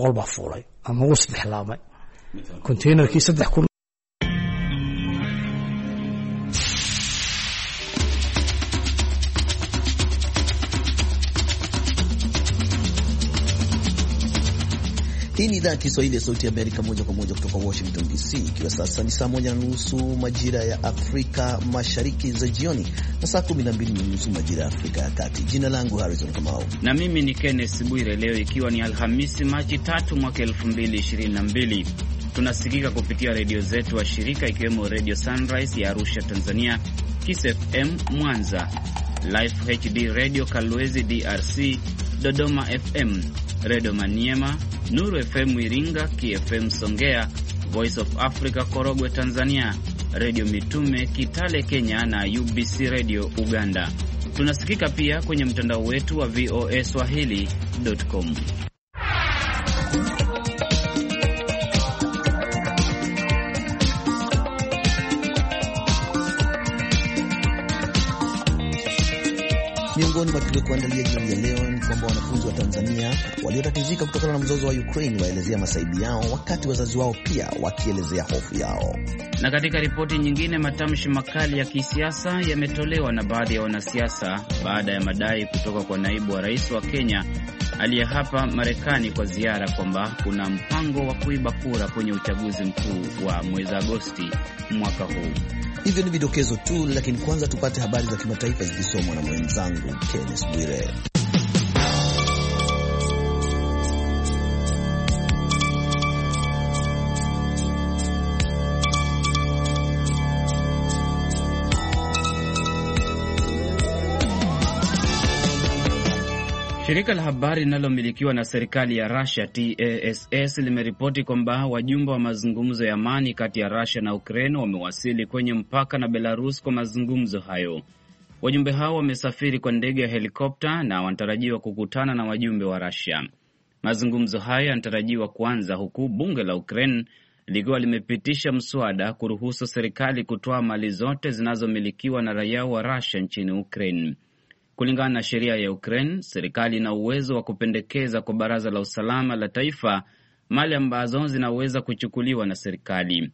boqol baa fuulay ama uu isdexlaamay kontainarkii saddex kun Hii ni idhaa ya Kiswahili ya Sauti ya Amerika, moja kwa moja kutoka Washington DC, ikiwa sasa ni saa moja na nusu majira ya Afrika Mashariki za jioni na saa kumi na mbili na nusu majira ya Afrika ya Kati. Jina langu Harrison Kamau na mimi ni Kenneth Bwire. Leo ikiwa ni Alhamisi, Machi tatu mwaka mbili tunasikika kupitia redio zetu wa shirika ikiwemo Redio Sunrise ya Arusha Tanzania, Kiss FM Mwanza, Life HD Radio Kalwezi DRC, Dodoma FM Redio Maniema, Nuru FM Iringa, KFM Songea, Voice of Africa Korogwe Tanzania, Redio Mitume Kitale Kenya na UBC Redio Uganda. Tunasikika pia kwenye mtandao wetu wa VOA Swahili.com. Miongoni mwa tuliokuandalia jioni ya leo ni kwamba wanafunzi wa Tanzania waliotatizika kutokana na mzozo wa Ukraine waelezea masaibu yao, wakati wazazi wao pia wakielezea hofu yao. Na katika ripoti nyingine, matamshi makali ya kisiasa yametolewa na baadhi ya wanasiasa baada ya madai kutoka kwa naibu wa rais wa Kenya aliye hapa Marekani kwa ziara kwamba kuna mpango wa kuiba kura kwenye uchaguzi mkuu wa mwezi Agosti mwaka huu. Hivyo ni vidokezo tu, lakini kwanza tupate habari za kimataifa zikisomwa na mwenzangu Kennes Bwire. Shirika la habari linalomilikiwa na serikali ya Rusia TASS limeripoti kwamba wajumbe wa mazungumzo ya amani kati ya rusia na Ukraine wamewasili kwenye mpaka na Belarus kwa mazungumzo hayo. Wajumbe hao wamesafiri kwa ndege ya helikopta na wanatarajiwa kukutana na wajumbe wa rasia Mazungumzo hayo yanatarajiwa kuanza huku bunge la Ukraine likiwa limepitisha mswada kuruhusu serikali kutoa mali zote zinazomilikiwa na raia wa rasia nchini Ukraine. Kulingana na sheria ya Ukraine, serikali ina uwezo wa kupendekeza kwa baraza la usalama la taifa mali ambazo zinaweza kuchukuliwa na serikali.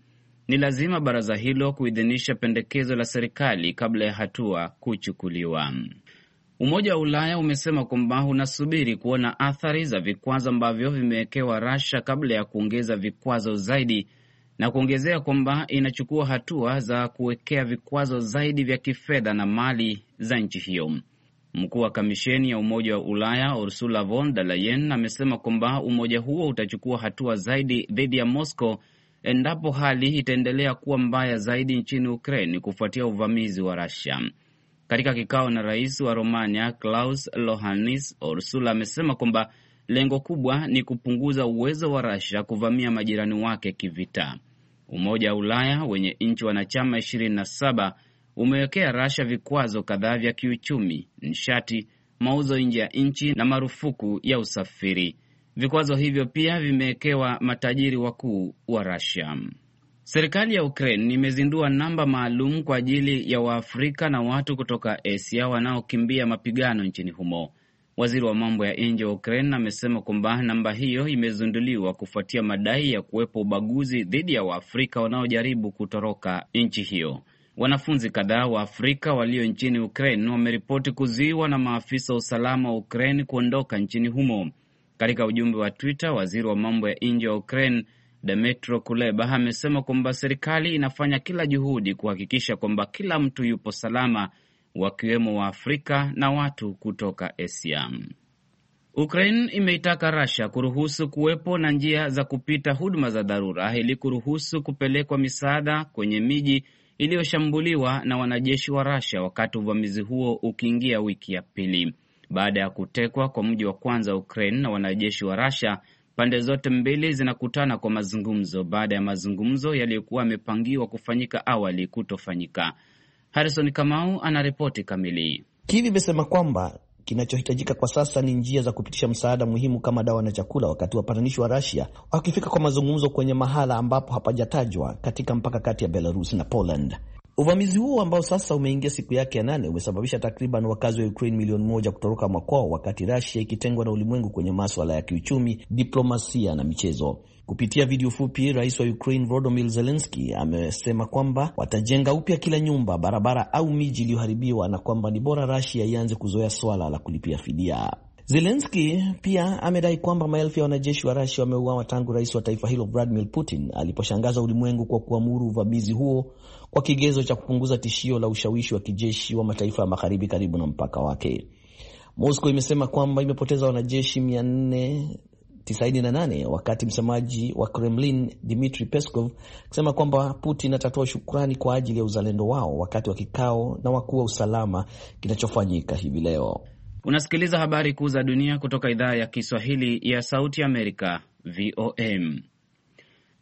Ni lazima baraza hilo kuidhinisha pendekezo la serikali kabla ya hatua kuchukuliwa. Umoja wa Ulaya umesema kwamba unasubiri kuona athari za vikwazo ambavyo vimewekewa Russia kabla ya kuongeza vikwazo zaidi, na kuongezea kwamba inachukua hatua za kuwekea vikwazo zaidi vya kifedha na mali za nchi hiyo. Mkuu wa kamisheni ya Umoja wa Ulaya Ursula von der Leyen amesema kwamba umoja huo utachukua hatua zaidi dhidi ya Moscow endapo hali itaendelea kuwa mbaya zaidi nchini Ukraine kufuatia uvamizi wa Rusia. Katika kikao na rais wa Romania Klaus lohanis Ursula amesema kwamba lengo kubwa ni kupunguza uwezo wa Rusia kuvamia majirani wake kivita. Umoja wa Ulaya wenye nchi wanachama 27 umewekea Rasha vikwazo kadhaa vya kiuchumi, nishati, mauzo nje ya nchi na marufuku ya usafiri. Vikwazo hivyo pia vimewekewa matajiri wakuu wa Rasia. Serikali ya Ukraine imezindua namba maalum kwa ajili ya Waafrika na watu kutoka Asia wanaokimbia mapigano nchini humo. Waziri wa mambo ya nje wa Ukraine amesema kwamba namba hiyo imezinduliwa kufuatia madai ya kuwepo ubaguzi dhidi ya Waafrika wanaojaribu kutoroka nchi hiyo. Wanafunzi kadhaa wa Afrika walio nchini Ukraine wameripoti kuzuiwa na maafisa wa usalama wa Ukraine kuondoka nchini humo. Katika ujumbe wa Twitter, waziri wa mambo ya nje wa Ukraine Dmytro Kuleba amesema kwamba serikali inafanya kila juhudi kuhakikisha kwamba kila mtu yupo salama, wakiwemo wa afrika na watu kutoka Asia. Ukraine imeitaka Russia kuruhusu kuwepo na njia za kupita huduma za dharura ili kuruhusu kupelekwa misaada kwenye miji iliyoshambuliwa na wanajeshi wa Rasia wakati uvamizi huo ukiingia wiki ya pili. Baada ya kutekwa kwa mji wa kwanza wa Ukraine na wanajeshi wa Rasia, pande zote mbili zinakutana kwa mazungumzo baada ya mazungumzo yaliyokuwa yamepangiwa kufanyika awali kutofanyika. Harrison Kamau anaripoti kamili. Kivi imesema kwamba Kinachohitajika kwa sasa ni njia za kupitisha msaada muhimu kama dawa na chakula, wakati wapatanishi wa rasia wakifika kwa mazungumzo kwenye mahala ambapo hapajatajwa katika mpaka kati ya Belarus na Poland. Uvamizi huo ambao sasa umeingia siku yake ya nane umesababisha takriban wakazi wa Ukraine milioni moja kutoroka makwao, wakati rasia ikitengwa na ulimwengu kwenye maswala ya kiuchumi, diplomasia na michezo. Kupitia video fupi, rais wa Ukraine Volodymyr Zelensky amesema kwamba watajenga upya kila nyumba, barabara au miji iliyoharibiwa na kwamba ni bora Russia ianze kuzoea swala la kulipia fidia. Zelenski pia amedai kwamba maelfu ya wanajeshi wa Rasia wameuawa tangu rais wa taifa hilo Vladimir Putin aliposhangaza ulimwengu kwa kuamuru uvamizi huo kwa kigezo cha kupunguza tishio la ushawishi wa kijeshi wa mataifa ya magharibi karibu na mpaka wake. Moscow imesema kwamba imepoteza wanajeshi 98 wakati msemaji wa Kremlin Dmitri Peskov akisema kwamba Putin atatoa shukrani kwa ajili ya uzalendo wao wakati wa kikao na wakuu wa usalama kinachofanyika hivi leo. Unasikiliza habari kuu za dunia kutoka idhaa ya Kiswahili ya Sauti Amerika, VOM.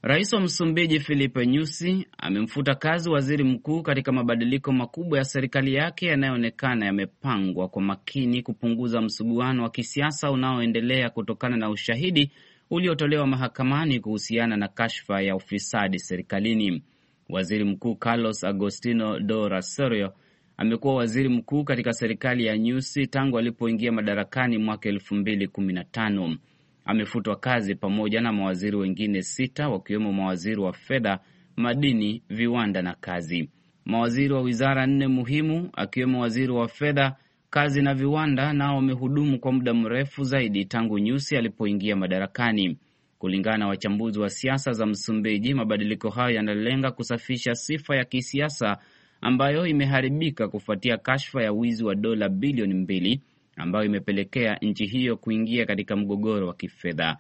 Rais wa Msumbiji Filipe Nyusi amemfuta kazi waziri mkuu katika mabadiliko makubwa ya serikali yake yanayoonekana yamepangwa kwa makini kupunguza msuguano wa kisiasa unaoendelea kutokana na ushahidi uliotolewa mahakamani kuhusiana na kashfa ya ufisadi serikalini. Waziri Mkuu Carlos Agostino do Rasorio amekuwa waziri mkuu katika serikali ya Nyusi tangu alipoingia madarakani mwaka elfu mbili kumi na tano amefutwa kazi pamoja na mawaziri wengine sita wakiwemo mawaziri wa fedha, madini, viwanda na kazi. Mawaziri wa wizara nne muhimu akiwemo waziri wa fedha, kazi na viwanda nao wamehudumu kwa muda mrefu zaidi tangu Nyusi alipoingia madarakani. Kulingana na wachambuzi wa siasa za Msumbiji, mabadiliko hayo yanalenga kusafisha sifa ya kisiasa ambayo imeharibika kufuatia kashfa ya wizi wa dola bilioni mbili ambayo imepelekea nchi hiyo kuingia katika mgogoro wa kifedha.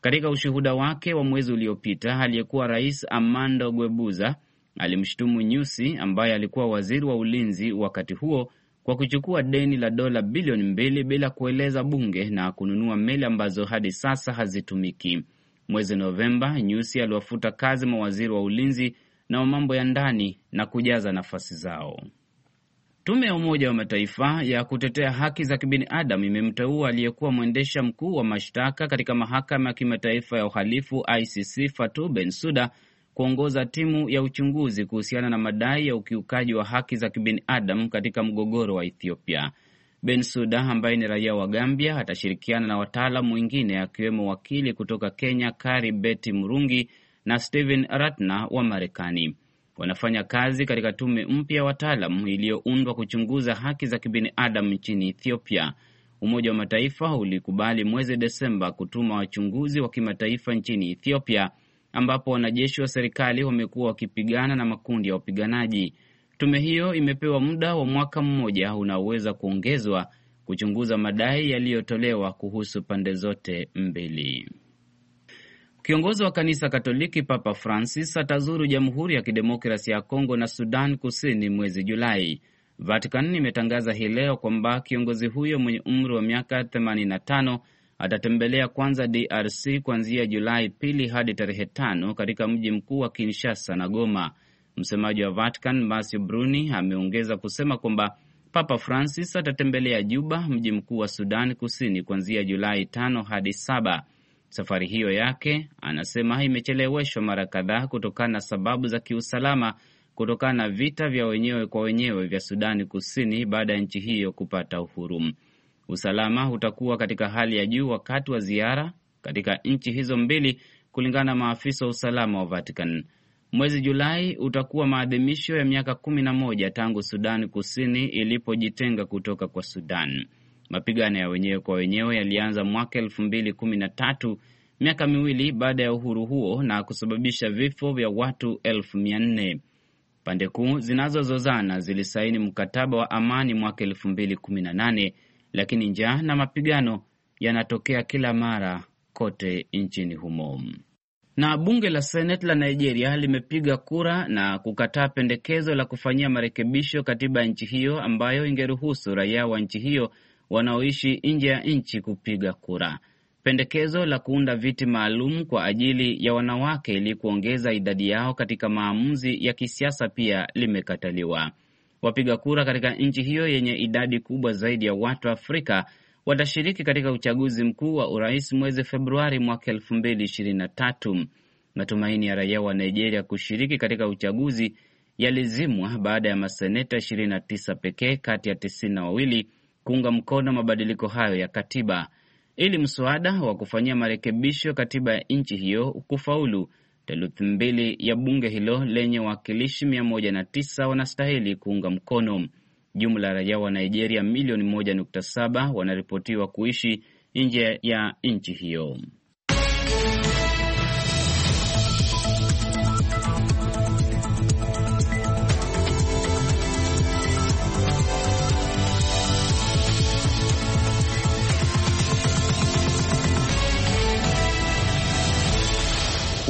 Katika ushuhuda wake wa mwezi uliopita, aliyekuwa rais Armando Guebuza alimshutumu Nyusi ambaye alikuwa waziri wa ulinzi wakati huo kwa kuchukua deni la dola bilioni mbili bila kueleza bunge na kununua meli ambazo hadi sasa hazitumiki. Mwezi Novemba, Nyusi aliwafuta kazi mawaziri wa ulinzi na wa mambo ya ndani na kujaza nafasi zao. Tume ya Umoja wa Mataifa ya kutetea haki za kibinadamu imemteua aliyekuwa mwendesha mkuu wa mashtaka katika mahakama ya kimataifa ya uhalifu ICC Fatou Bensouda kuongoza timu ya uchunguzi kuhusiana na madai ya ukiukaji wa haki za kibinadamu katika mgogoro wa Ethiopia. Bensouda ambaye ni raia wa Gambia atashirikiana na wataalamu wengine akiwemo wakili kutoka Kenya Kari Beti Murungi na stehen Ratner wa Marekani wanafanya kazi katika tume mpya ya wataalam iliyoundwa kuchunguza haki za kibinadamu nchini Ethiopia. Umoja wa Mataifa ulikubali mwezi Desemba kutuma wachunguzi wa kimataifa nchini Ethiopia, ambapo wanajeshi wa serikali wamekuwa wakipigana na makundi ya wapiganaji. Tume hiyo imepewa muda wa mwaka mmoja unaoweza kuongezwa kuchunguza madai yaliyotolewa kuhusu pande zote mbili. Kiongozi wa kanisa Katoliki Papa Francis atazuru Jamhuri ya Kidemokrasia ya Kongo na Sudan Kusini mwezi Julai. Vatican imetangaza hii leo kwamba kiongozi huyo mwenye umri wa miaka 85 atatembelea kwanza DRC kuanzia Julai pili hadi tarehe tano katika mji mkuu wa Kinshasa na Goma. Msemaji wa Vatican Massio Bruni ameongeza kusema kwamba Papa Francis atatembelea Juba, mji mkuu wa Sudan Kusini, kuanzia Julai tano hadi saba. Safari hiyo yake anasema imecheleweshwa mara kadhaa kutokana na sababu za kiusalama kutokana na vita vya wenyewe kwa wenyewe vya Sudani Kusini baada ya nchi hiyo kupata uhuru. Usalama utakuwa katika hali ya juu wakati wa ziara katika nchi hizo mbili, kulingana na maafisa wa usalama wa Vatican. Mwezi Julai utakuwa maadhimisho ya miaka kumi na moja tangu Sudani Kusini ilipojitenga kutoka kwa Sudan. Mapigano ya wenyewe kwa wenyewe yalianza mwaka elfu mbili kumi na tatu, miaka miwili baada ya uhuru huo, na kusababisha vifo vya watu elfu mia nne. Pande kuu zinazozozana zilisaini mkataba wa amani mwaka elfu mbili kumi na nane, lakini njaa na mapigano yanatokea kila mara kote nchini humo. Na bunge la Seneti la Nigeria limepiga kura na kukataa pendekezo la kufanyia marekebisho katiba ya nchi hiyo ambayo ingeruhusu raia wa nchi hiyo wanaoishi nje ya nchi kupiga kura. Pendekezo la kuunda viti maalum kwa ajili ya wanawake ili kuongeza idadi yao katika maamuzi ya kisiasa pia limekataliwa. Wapiga kura katika nchi hiyo yenye idadi kubwa zaidi ya watu Afrika watashiriki katika uchaguzi mkuu wa urais mwezi Februari mwaka elfu mbili ishirini na tatu. Matumaini ya raia wa Nigeria kushiriki katika uchaguzi yalizimwa baada ya maseneta 29 pekee kati ya tisini na wawili kuunga mkono mabadiliko hayo ya katiba ili mswada wa kufanyia marekebisho katiba ya nchi hiyo kufaulu. Theluthi mbili ya bunge hilo lenye wawakilishi 109 wanastahili kuunga mkono. Jumla raia wa Nigeria milioni 1.7 wanaripotiwa kuishi nje ya nchi hiyo.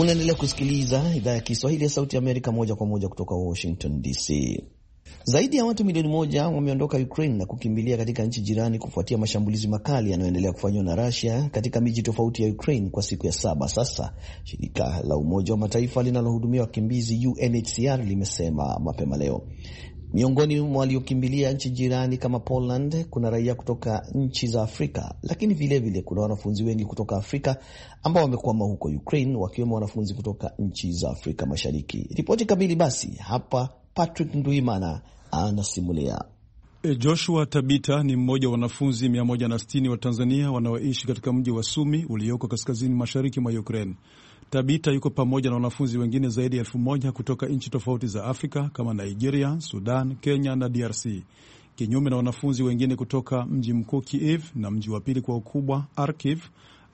Unaendelea kusikiliza idhaa ya Kiswahili ya Sauti Amerika moja kwa moja kutoka Washington DC. Zaidi ya watu milioni moja wameondoka Ukraine na kukimbilia katika nchi jirani kufuatia mashambulizi makali yanayoendelea kufanywa na rasia katika miji tofauti ya Ukraine kwa siku ya saba sasa, shirika la Umoja wa Mataifa linalohudumia wakimbizi UNHCR limesema mapema leo. Miongoni mwa waliokimbilia nchi jirani kama Poland kuna raia kutoka nchi za Afrika, lakini vilevile vile kuna wanafunzi wengi kutoka Afrika ambao wamekwama huko Ukraine, wakiwemo wanafunzi kutoka nchi za Afrika Mashariki. Ripoti kamili basi hapa, Patrick Nduimana anasimulia. E, Joshua Tabita ni mmoja wa wanafunzi 160 wa Tanzania wanaoishi katika mji wa Sumi ulioko kaskazini mashariki mwa Ukraine. Tabita yuko pamoja na wanafunzi wengine zaidi ya elfu moja kutoka nchi tofauti za Afrika kama Nigeria, Sudan, Kenya na DRC, kinyume na wanafunzi wengine kutoka mji mkuu Kiev na mji wa pili kwa ukubwa Arkiv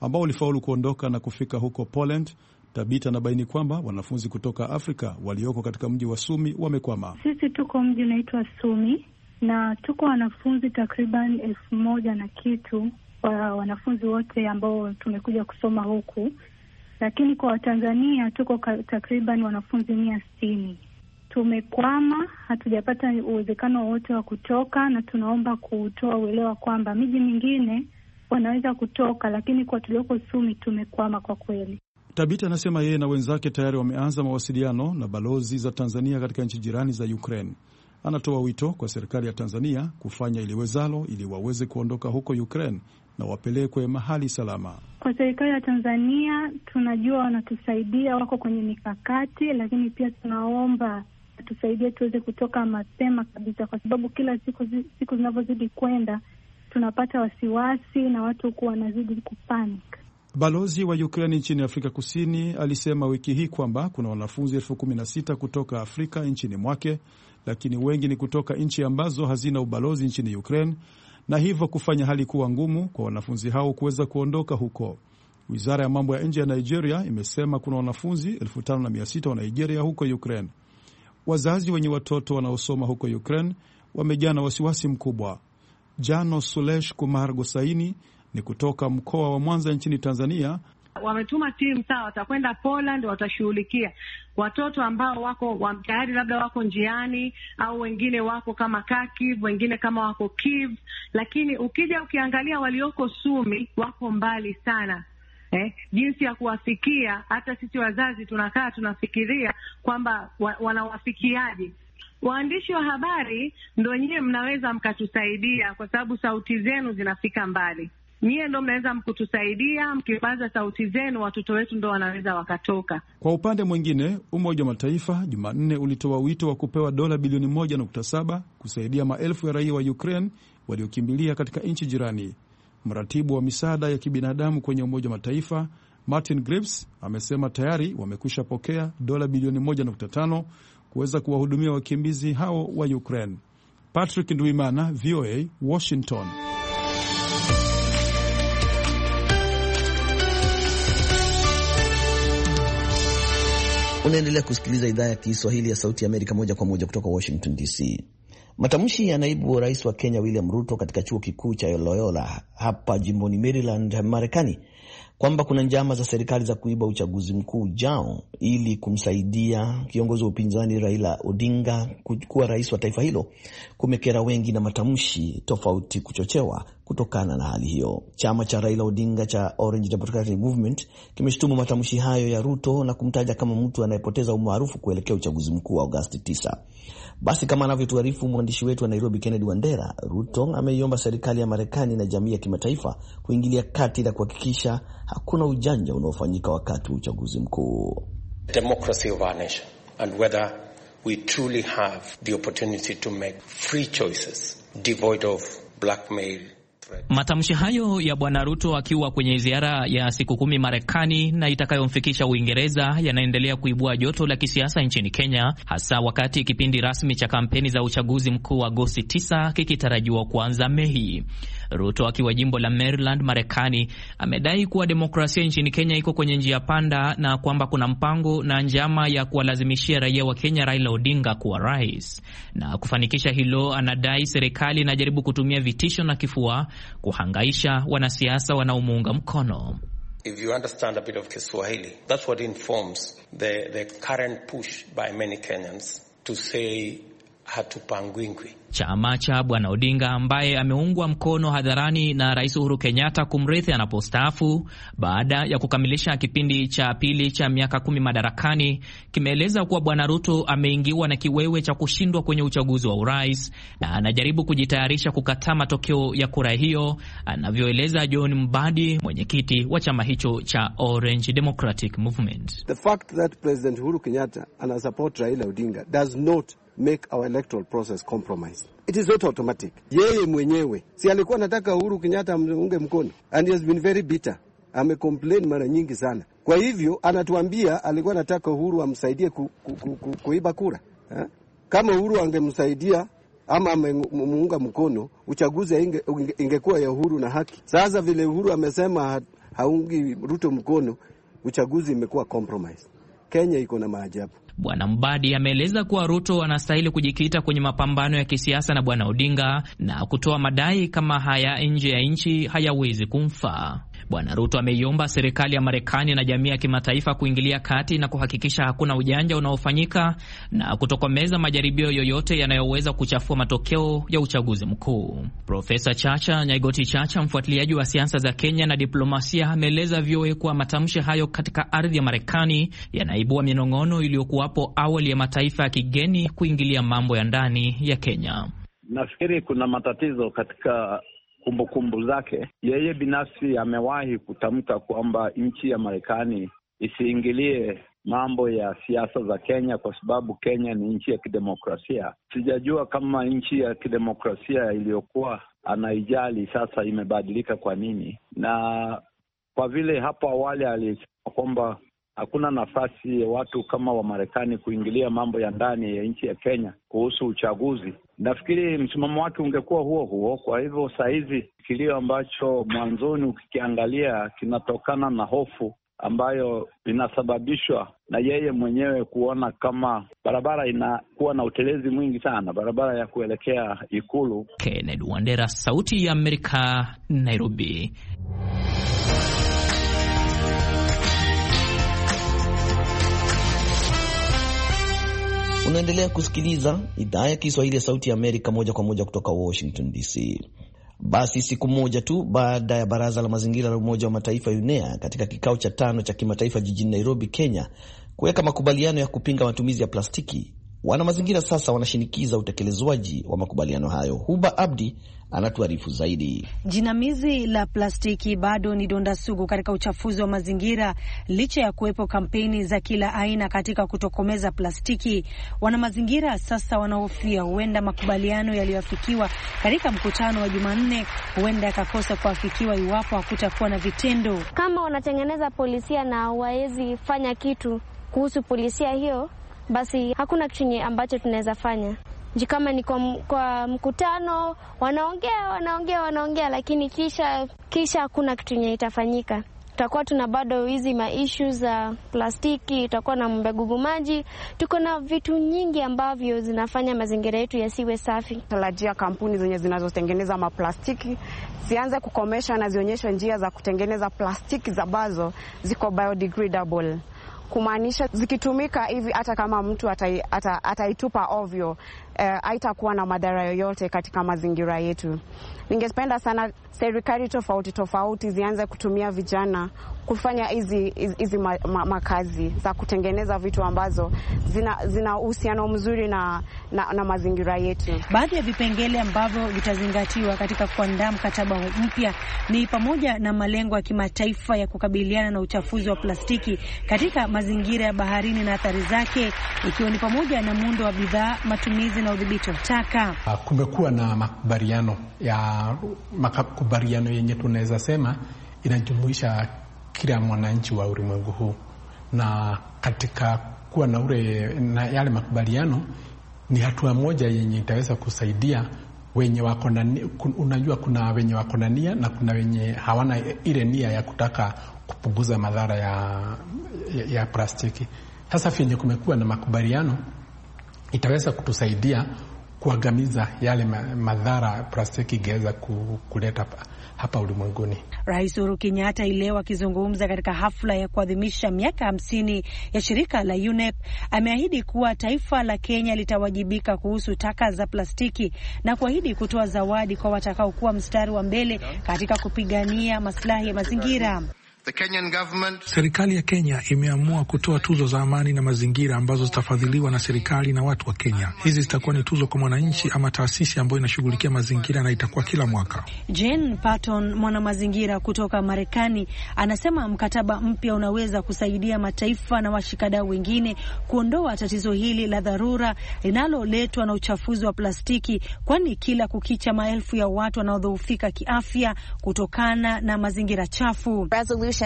ambao walifaulu kuondoka na kufika huko Poland. Tabita anabaini kwamba wanafunzi kutoka Afrika walioko katika mji wa Sumi wamekwama. Sisi tuko mji unaitwa Sumi na tuko wanafunzi takriban elfu moja na kitu, wanafunzi wote ambao tumekuja kusoma huku lakini kwa Watanzania tuko takriban wanafunzi mia sitini. Tumekwama, hatujapata uwezekano wowote wa kutoka, na tunaomba kutoa uelewa kwamba miji mingine wanaweza kutoka, lakini kwa tulioko Sumi tumekwama kwa kweli. Tabiti anasema yeye na wenzake tayari wameanza mawasiliano na balozi za Tanzania katika nchi jirani za Ukraine. Anatoa wito kwa serikali ya Tanzania kufanya iliwezalo ili waweze kuondoka huko Ukraine na wapelekwe mahali salama. Kwa serikali ya Tanzania tunajua wanatusaidia, wako kwenye mikakati, lakini pia tunaomba tusaidie tuweze kutoka mapema kabisa, kwa sababu kila siku zi, siku zinavyozidi kwenda tunapata wasiwasi na watu huku wanazidi kupanic. Balozi wa Ukraini nchini Afrika Kusini alisema wiki hii kwamba kuna wanafunzi elfu kumi na sita kutoka Afrika nchini mwake, lakini wengi ni kutoka nchi ambazo hazina ubalozi nchini Ukraine na hivyo kufanya hali kuwa ngumu kwa wanafunzi hao kuweza kuondoka huko. Wizara ya mambo ya nje ya Nigeria imesema kuna wanafunzi 5600 wa Nigeria huko Ukraine. Wazazi wenye watoto wanaosoma huko Ukraine wamejaa na wasiwasi mkubwa. Jano Sulesh Kumar Gosaini ni kutoka mkoa wa Mwanza nchini Tanzania wametuma timu sawa, watakwenda Poland, watashughulikia watoto ambao wako tayari labda wako njiani, au wengine wako kama Kharkiv, wengine kama wako Kiev, lakini ukija ukiangalia walioko Sumi wako mbali sana. Eh, jinsi ya kuwafikia, hata sisi wazazi tunakaa tunafikiria kwamba wa, wanawafikiaje? Waandishi wa habari ndo wenyewe mnaweza mkatusaidia, kwa sababu sauti zenu zinafika mbali. Nyie ndo mnaweza mkutusaidia, mkipaza sauti zenu, watoto wetu ndo wanaweza wakatoka. Kwa upande mwingine, Umoja wa Mataifa Jumanne ulitoa wito wa kupewa dola bilioni saba kusaidia maelfu ya raia wa Ukraine waliokimbilia katika nchi jirani. Mratibu wa misaada ya kibinadamu kwenye Umoja wa Mataifa Martin Grips amesema tayari wamekwisha pokea dola bilioni 1.5 kuweza kuwahudumia wakimbizi hao wa Ukraine. Patrick Ndwimana, VOA, Washington. Unaendelea kusikiliza idhaa ya Kiswahili ya Sauti ya Amerika moja kwa moja kutoka Washington DC. Matamshi ya naibu wa rais wa Kenya William Ruto katika chuo kikuu cha Loyola hapa jimboni Maryland, Marekani, kwamba kuna njama za serikali za kuiba uchaguzi mkuu ujao ili kumsaidia kiongozi wa upinzani Raila Odinga kuwa rais wa taifa hilo kumekera wengi na matamshi tofauti kuchochewa kutokana na hali hiyo. Chama cha Raila Odinga cha Orange Democratic Movement kimeshutumu matamshi hayo ya Ruto na kumtaja kama mtu anayepoteza umaarufu kuelekea uchaguzi mkuu wa Agosti 9. Basi kama anavyotuarifu mwandishi wetu wa Nairobi, Kennedy Wandera, Ruto ameiomba serikali ya Marekani na jamii ya kimataifa kuingilia kati na kuhakikisha hakuna ujanja unaofanyika wakati wa uchaguzi mkuu. Matamshi hayo ya Bwana Ruto akiwa kwenye ziara ya siku kumi Marekani na itakayomfikisha Uingereza yanaendelea kuibua joto la kisiasa nchini Kenya, hasa wakati kipindi rasmi cha kampeni za uchaguzi mkuu wa Agosti 9 kikitarajiwa kuanza Mei. Ruto akiwa jimbo la Maryland, Marekani, amedai kuwa demokrasia nchini Kenya iko kwenye njia panda na kwamba kuna mpango na njama ya kuwalazimishia raia wa Kenya Raila Odinga kuwa rais. Na kufanikisha hilo, anadai serikali inajaribu kutumia vitisho na kifua kuhangaisha wanasiasa wanaomuunga mkono. If you understand a bit of Kiswahili, that's what informs the, the current push by many Kenyans to say hatupangwingwi. Chama cha Bwana Odinga ambaye ameungwa mkono hadharani na Rais Uhuru Kenyatta kumrithi anapostaafu baada ya kukamilisha kipindi cha pili cha miaka kumi madarakani kimeeleza kuwa Bwana Ruto ameingiwa na kiwewe cha kushindwa kwenye uchaguzi wa urais na anajaribu kujitayarisha kukataa matokeo ya kura hiyo, anavyoeleza John Mbadi, mwenyekiti wa chama hicho cha Orange Democratic Movement. The fact that President Uhuru Kenyatta anasupport Raila Odinga does not make our electoral process compromise. It is not automatic. Yeye mwenyewe si alikuwa anataka Uhuru Kenyatta amunge mkono and he has been very bitter. Amecomplain mara nyingi sana, kwa hivyo anatuambia alikuwa anataka Uhuru amsaidie ku, ku, ku, ku, kuiba kura ha? Kama Uhuru angemsaidia ama amemuunga mkono, uchaguzi ingekuwa ya uhuru na haki. Sasa vile Uhuru amesema haungi Ruto mkono, uchaguzi imekuwa compromise. Kenya iko na maajabu. Bwana Mbadi ameeleza kuwa Ruto anastahili kujikita kwenye mapambano ya kisiasa na Bwana Odinga na kutoa madai kama haya nje ya nchi hayawezi kumfaa. Bwana Ruto ameiomba serikali ya Marekani na jamii ya kimataifa kuingilia kati na kuhakikisha hakuna ujanja unaofanyika na kutokomeza majaribio yoyote yanayoweza kuchafua matokeo ya uchaguzi mkuu. Profesa Chacha Nyaigoti Chacha, mfuatiliaji wa siasa za Kenya na diplomasia, ameeleza VOA kuwa matamshi hayo katika ardhi ya Marekani yanaibua minong'ono iliyokuwapo awali ya mataifa ya kigeni kuingilia mambo ya ndani ya Kenya. Nafikiri kuna matatizo katika kumbukumbu zake, yeye binafsi amewahi kutamka kwamba nchi ya Marekani isiingilie mambo ya siasa za Kenya kwa sababu Kenya ni nchi ya kidemokrasia. Sijajua kama nchi ya kidemokrasia iliyokuwa anaijali sasa imebadilika kwa nini, na kwa vile hapo awali alisema kwamba hakuna nafasi ya watu kama Wamarekani kuingilia mambo ya ndani ya nchi ya Kenya kuhusu uchaguzi. Nafikiri msimamo wake ungekuwa huo huo. Kwa hivyo sahizi hizi kilio ambacho mwanzoni ukikiangalia kinatokana na hofu ambayo inasababishwa na yeye mwenyewe kuona kama barabara inakuwa na utelezi mwingi sana, barabara ya kuelekea Ikulu. Kennedy Wandera, Sauti ya Amerika, Nairobi. Unaendelea kusikiliza idhaa ya Kiswahili ya Sauti ya Amerika moja kwa moja kutoka Washington DC. Basi siku moja tu baada ya baraza la mazingira la Umoja wa Mataifa UNEA katika kikao cha tano cha kimataifa jijini Nairobi, Kenya, kuweka makubaliano ya kupinga matumizi ya plastiki, Wanamazingira sasa wanashinikiza utekelezwaji wa makubaliano hayo. Huba Abdi anatuarifu zaidi. Jinamizi la plastiki bado ni donda sugu katika uchafuzi wa mazingira. Licha ya kuwepo kampeni za kila aina katika kutokomeza plastiki, wanamazingira sasa wanahofia huenda makubaliano yaliyoafikiwa katika mkutano wa Jumanne huenda yakakosa kuafikiwa iwapo hakutakuwa na vitendo. Kama wanatengeneza polisia na hawawezi fanya kitu kuhusu polisia hiyo basi hakuna kitu ambacho tunaweza fanya kama ni kwa, kwa mkutano wanaongea wanaongea wanaongea, lakini kisha kisha hakuna kitu yenye itafanyika. Tutakuwa tuna bado hizi maishu za plastiki, tutakuwa na mbegugu maji, tuko na vitu nyingi ambavyo zinafanya mazingira yetu yasiwe safi. Tarajia kampuni zenye zinazotengeneza maplastiki zianze kukomesha na zionyeshe njia za kutengeneza plastiki ambazo ziko biodegradable kumaanisha zikitumika hivi, hata kama mtu ataitupa ata, ovyo eh, haitakuwa eh, na madhara yoyote katika mazingira yetu. Ningependa sana serikali tofauti tofauti zianze kutumia vijana kufanya hizi hizi ma, ma, makazi za kutengeneza vitu ambazo zina uhusiano mzuri na, na, na mazingira yetu. Baadhi ya vipengele ambavyo vitazingatiwa katika kuandaa mkataba mpya ni pamoja na malengo ya kimataifa ya kukabiliana na uchafuzi wa plastiki katika mazingira ya baharini na athari zake, ikiwa ni pamoja na muundo wa bidhaa, matumizi na udhibiti wa taka. Ah, kumekuwa na makubaliano ya makubaliano yenye tunaweza sema inajumuisha kila mwananchi wa ulimwengu huu, na katika kuwa na ule na yale makubaliano ni hatua moja yenye itaweza kusaidia wenye wako na unajua, kuna wenye wako na nia na kuna wenye hawana ile nia ya kutaka kupunguza madhara ya, ya, ya plastiki. Sasa vyenye kumekuwa na makubaliano itaweza kutusaidia kuangamiza yale madhara plastiki ingeweza kuleta hapa ulimwenguni. Rais Uhuru Kenyatta ileo akizungumza katika hafla ya kuadhimisha miaka hamsini ya shirika la UNEP ameahidi kuwa taifa la Kenya litawajibika kuhusu taka za plastiki na kuahidi kutoa zawadi kwa watakaokuwa mstari wa mbele katika kupigania masilahi ya mazingira. Serikali ya Kenya imeamua kutoa tuzo za amani na mazingira ambazo zitafadhiliwa na serikali na watu wa Kenya. Hizi zitakuwa ni tuzo kwa mwananchi ama taasisi ambayo inashughulikia mazingira na itakuwa kila mwaka. Jane Patton, mwanamazingira kutoka Marekani, anasema mkataba mpya unaweza kusaidia mataifa na washikadau wengine kuondoa tatizo hili la dharura linaloletwa na uchafuzi wa plastiki, kwani kila kukicha maelfu ya watu wanaodhoofika kiafya kutokana na mazingira chafu Resolution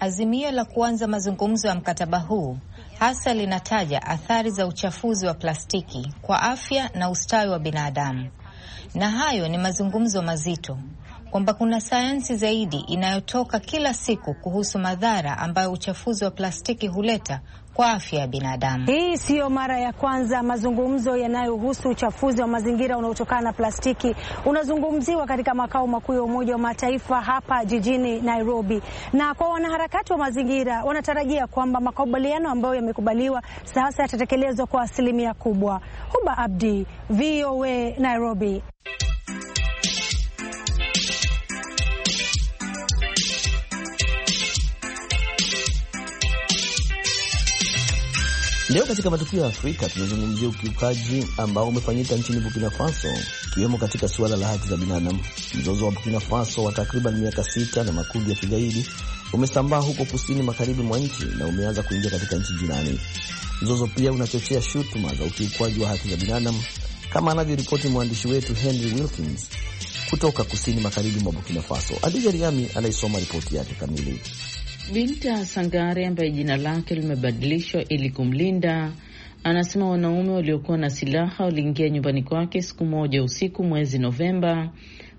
Azimio la kuanza mazungumzo ya mkataba huu hasa linataja athari za uchafuzi wa plastiki kwa afya na ustawi wa binadamu, na hayo ni mazungumzo mazito kwamba kuna sayansi zaidi inayotoka kila siku kuhusu madhara ambayo uchafuzi wa plastiki huleta kwa afya ya binadamu. Hii siyo mara ya kwanza mazungumzo yanayohusu uchafuzi wa mazingira unaotokana na plastiki unazungumziwa katika makao makuu ya Umoja wa Mataifa hapa jijini Nairobi, na kwa wanaharakati wa mazingira wanatarajia kwamba makubaliano ambayo yamekubaliwa sasa yatatekelezwa kwa asilimia kubwa. Huba Abdi, VOA Nairobi. Leo katika matukio ya Afrika tunazungumzia ukiukaji ambao umefanyika nchini Burkina Faso, ikiwemo katika suala la haki za binadamu. Mzozo wa Burkina Faso wa takriban miaka sita na makundi ya kigaidi umesambaa huko kusini magharibi mwa nchi na umeanza kuingia katika nchi jirani. Mzozo pia unachochea shutuma za ukiukwaji wa haki za binadamu kama anavyoripoti mwandishi wetu Henry Wilkins kutoka kusini magharibi mwa Burkina Faso. Adija Riami anaisoma ripoti yake kamili. Binta Sangare ambaye jina lake limebadilishwa ili kumlinda anasema wanaume waliokuwa na silaha waliingia nyumbani kwake siku moja usiku mwezi Novemba,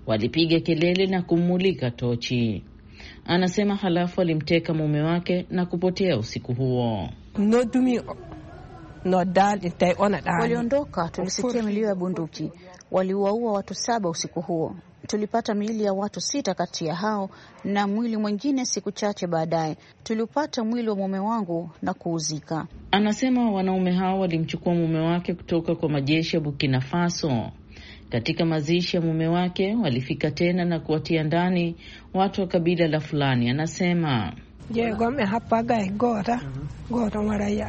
walipiga kelele na kummulika tochi. Anasema halafu alimteka mume wake na kupotea usiku huo. Waliondoka, tulisikia milio ya bunduki. Waliwaua watu saba usiku huo tulipata miili ya watu sita kati ya hao, na mwili mwingine siku chache baadaye tuliupata mwili wa mume wangu na kuuzika. Anasema wanaume hao walimchukua mume wake kutoka kwa majeshi ya Burkina Faso. Katika mazishi ya mume wake walifika tena na kuwatia ndani watu wa kabila la Fulani, anasema. Je, gome hapaga gora gora mara ya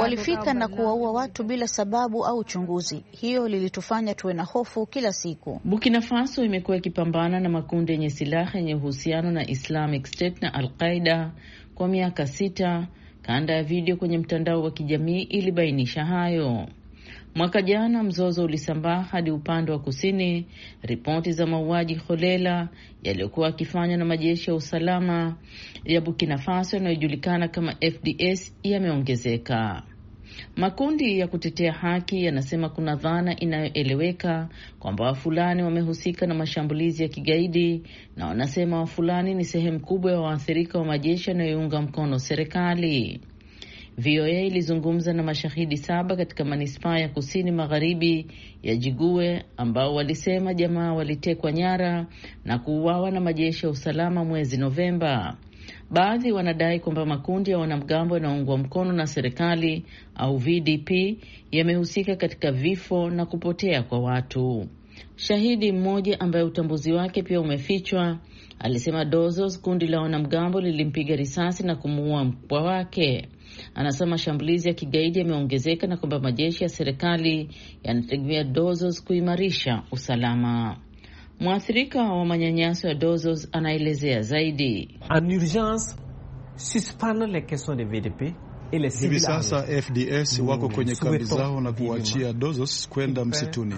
Walifika na kuwaua watu bila sababu au uchunguzi. Hiyo lilitufanya tuwe na hofu kila siku. Burkina Faso imekuwa ikipambana na makundi yenye silaha yenye uhusiano na Islamic State na Al Qaida kwa miaka sita. Kanda ya video kwenye mtandao wa kijamii ilibainisha hayo. Mwaka jana mzozo ulisambaa hadi upande wa kusini. Ripoti za mauaji holela yaliyokuwa yakifanywa na majeshi ya usalama ya Burkina Faso yanayojulikana kama FDS yameongezeka. Makundi ya kutetea haki yanasema kuna dhana inayoeleweka kwamba Wafulani wamehusika na mashambulizi ya kigaidi, na wanasema Wafulani ni sehemu kubwa ya waathirika wa majeshi yanayoiunga mkono serikali. VOA ilizungumza na mashahidi saba katika manispaa ya kusini magharibi ya Jigue ambao walisema jamaa walitekwa nyara na kuuawa na majeshi ya usalama mwezi Novemba. Baadhi wanadai kwamba makundi ya wanamgambo yanaoungwa mkono na serikali au VDP yamehusika katika vifo na kupotea kwa watu. Shahidi mmoja ambaye utambuzi wake pia umefichwa alisema Dozos, kundi la wanamgambo, lilimpiga risasi na kumuua mpwa wake. Anasema mashambulizi ya kigaidi yameongezeka na kwamba majeshi ya serikali yanategemea Dozos kuimarisha usalama. Mwathirika wa manyanyaso ya Dozos anaelezea zaidi. Hivi sasa FDS wako kwenye kambi zao na kuwaachia Dozos kwenda msituni.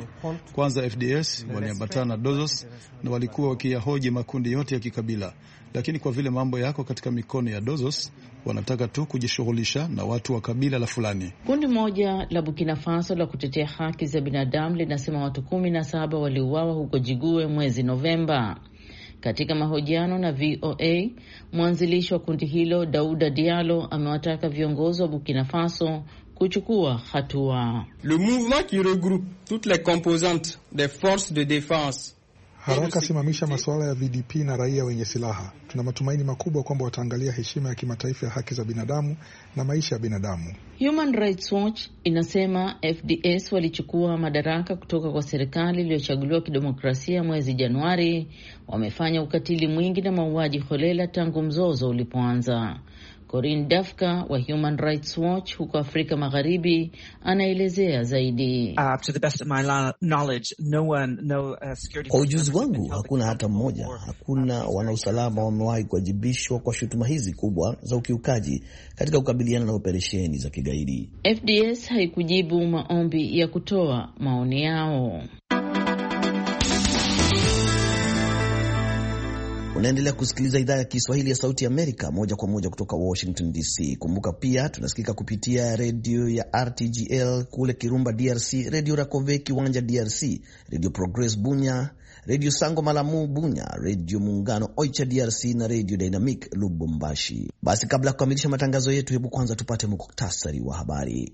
Kwanza FDS waliambatana Dozos na walikuwa wakiyahoji makundi yote ya kikabila, lakini kwa vile mambo yako katika mikono ya Dozos, wanataka tu kujishughulisha na watu wa kabila la fulani. Kundi moja la Bukina Faso la kutetea haki za binadamu linasema watu kumi na saba waliuawa huko Jigue mwezi Novemba. Katika mahojiano na VOA, mwanzilishi wa kundi hilo Dauda Diallo amewataka viongozi wa Burkina Faso kuchukua hatua. Le mouvement qui regroupe toutes les composantes des forces de defense haraka simamisha masuala ya VDP na raia wenye silaha. Tuna matumaini makubwa kwamba wataangalia heshima ya kimataifa ya haki za binadamu na maisha ya binadamu. Human Rights Watch inasema FDS walichukua madaraka kutoka kwa serikali iliyochaguliwa kidemokrasia mwezi Januari. Wamefanya ukatili mwingi na mauaji holela tangu mzozo ulipoanza. Corin Dafka wa Human Rights Watch huko Afrika Magharibi anaelezea zaidi. Uh, uh, kwa ujuzi wangu, hakuna hata mmoja, hakuna wanausalama wamewahi kuwajibishwa kwa shutuma hizi kubwa za ukiukaji katika kukabiliana na operesheni za kigaidi. FDS haikujibu maombi ya kutoa maoni yao. Unaendelea kusikiliza idhaa ya Kiswahili ya Sauti Amerika moja kwa moja kutoka Washington DC. Kumbuka pia tunasikika kupitia redio ya RTGL kule Kirumba DRC, redio Rakove Kiwanja DRC, redio Progress Bunya, redio Sango Malamu Bunya, redio Muungano Oicha DRC na redio Dynamic Lubumbashi. Basi kabla ya kukamilisha matangazo yetu, hebu kwanza tupate muktasari wa habari.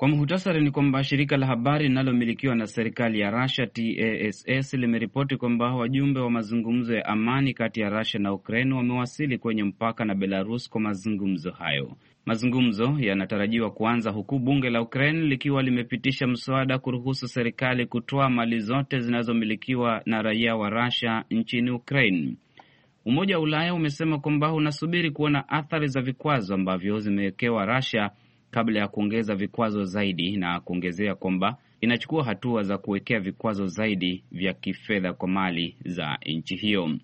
Kwa muhtasari ni kwamba shirika la habari linalomilikiwa na serikali ya Russia TASS limeripoti kwamba wajumbe wa mazungumzo ya amani kati ya Russia na Ukraine wamewasili kwenye mpaka na Belarus kwa mazungumzo hayo. Mazungumzo yanatarajiwa kuanza huku bunge la Ukraine likiwa limepitisha mswada kuruhusu serikali kutoa mali zote zinazomilikiwa na raia wa Russia nchini Ukraine. Umoja wa Ulaya umesema kwamba unasubiri kuona athari za vikwazo ambavyo zimewekewa Russia kabla ya kuongeza vikwazo zaidi, na kuongezea kwamba inachukua hatua za kuwekea vikwazo zaidi vya kifedha kwa mali za nchi hiyo.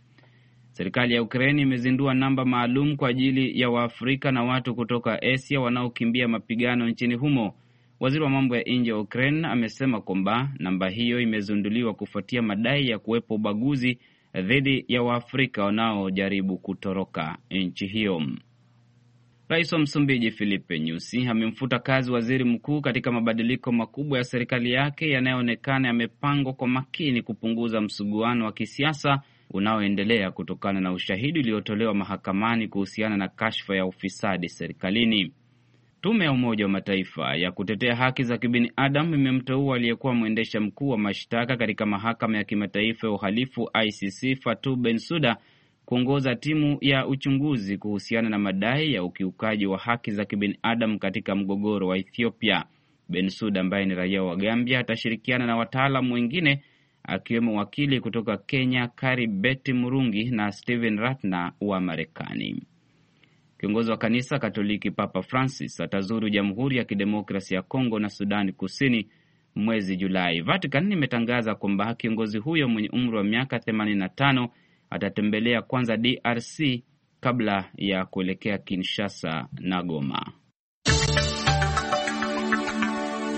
Serikali ya Ukraini imezindua namba maalum kwa ajili ya Waafrika na watu kutoka Asia wanaokimbia mapigano nchini humo. Waziri wa mambo ya nje wa Ukraine amesema kwamba namba hiyo imezinduliwa kufuatia madai ya kuwepo ubaguzi dhidi ya Waafrika wanaojaribu kutoroka nchi hiyo. Rais wa Msumbiji Filipe Nyusi amemfuta kazi waziri mkuu katika mabadiliko makubwa ya serikali yake yanayoonekana yamepangwa kwa makini kupunguza msuguano wa kisiasa unaoendelea kutokana na ushahidi uliotolewa mahakamani kuhusiana na kashfa ya ufisadi serikalini. Tume ya Umoja wa Mataifa ya kutetea haki za kibinadamu imemteua aliyekuwa mwendesha mkuu wa mashtaka katika mahakama ya kimataifa ya uhalifu ICC Fatou Bensouda kuongoza timu ya uchunguzi kuhusiana na madai ya ukiukaji wa haki za kibinadamu katika mgogoro wa Ethiopia. Bensud ambaye ni raia wa Gambia atashirikiana na wataalamu wengine akiwemo wakili kutoka Kenya Kari Beti Murungi na stehen Ratner wa Marekani. Kiongozi wa kanisa Katoliki Papa Francis atazuru Jamhuri ya Kidemokrasi ya Kongo na Sudani Kusini mwezi Julai. Vatican imetangaza kwamba kiongozi huyo mwenye umri wa miaka 85 atatembelea kwanza DRC kabla ya kuelekea Kinshasa na Goma.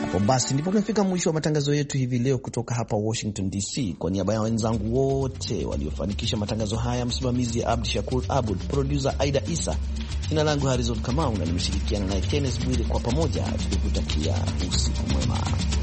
Hapo basi ndipo tunafika mwisho wa matangazo yetu hivi leo kutoka hapa Washington DC. Kwa niaba ya wenzangu wote waliofanikisha matangazo haya, msimamizi ya Abdi Shakur Abud, produsa Aida Isa, jina langu Harizon Kamau na nimeshirikiana naye Kennes Bwire, kwa pamoja tukikutakia usiku mwema.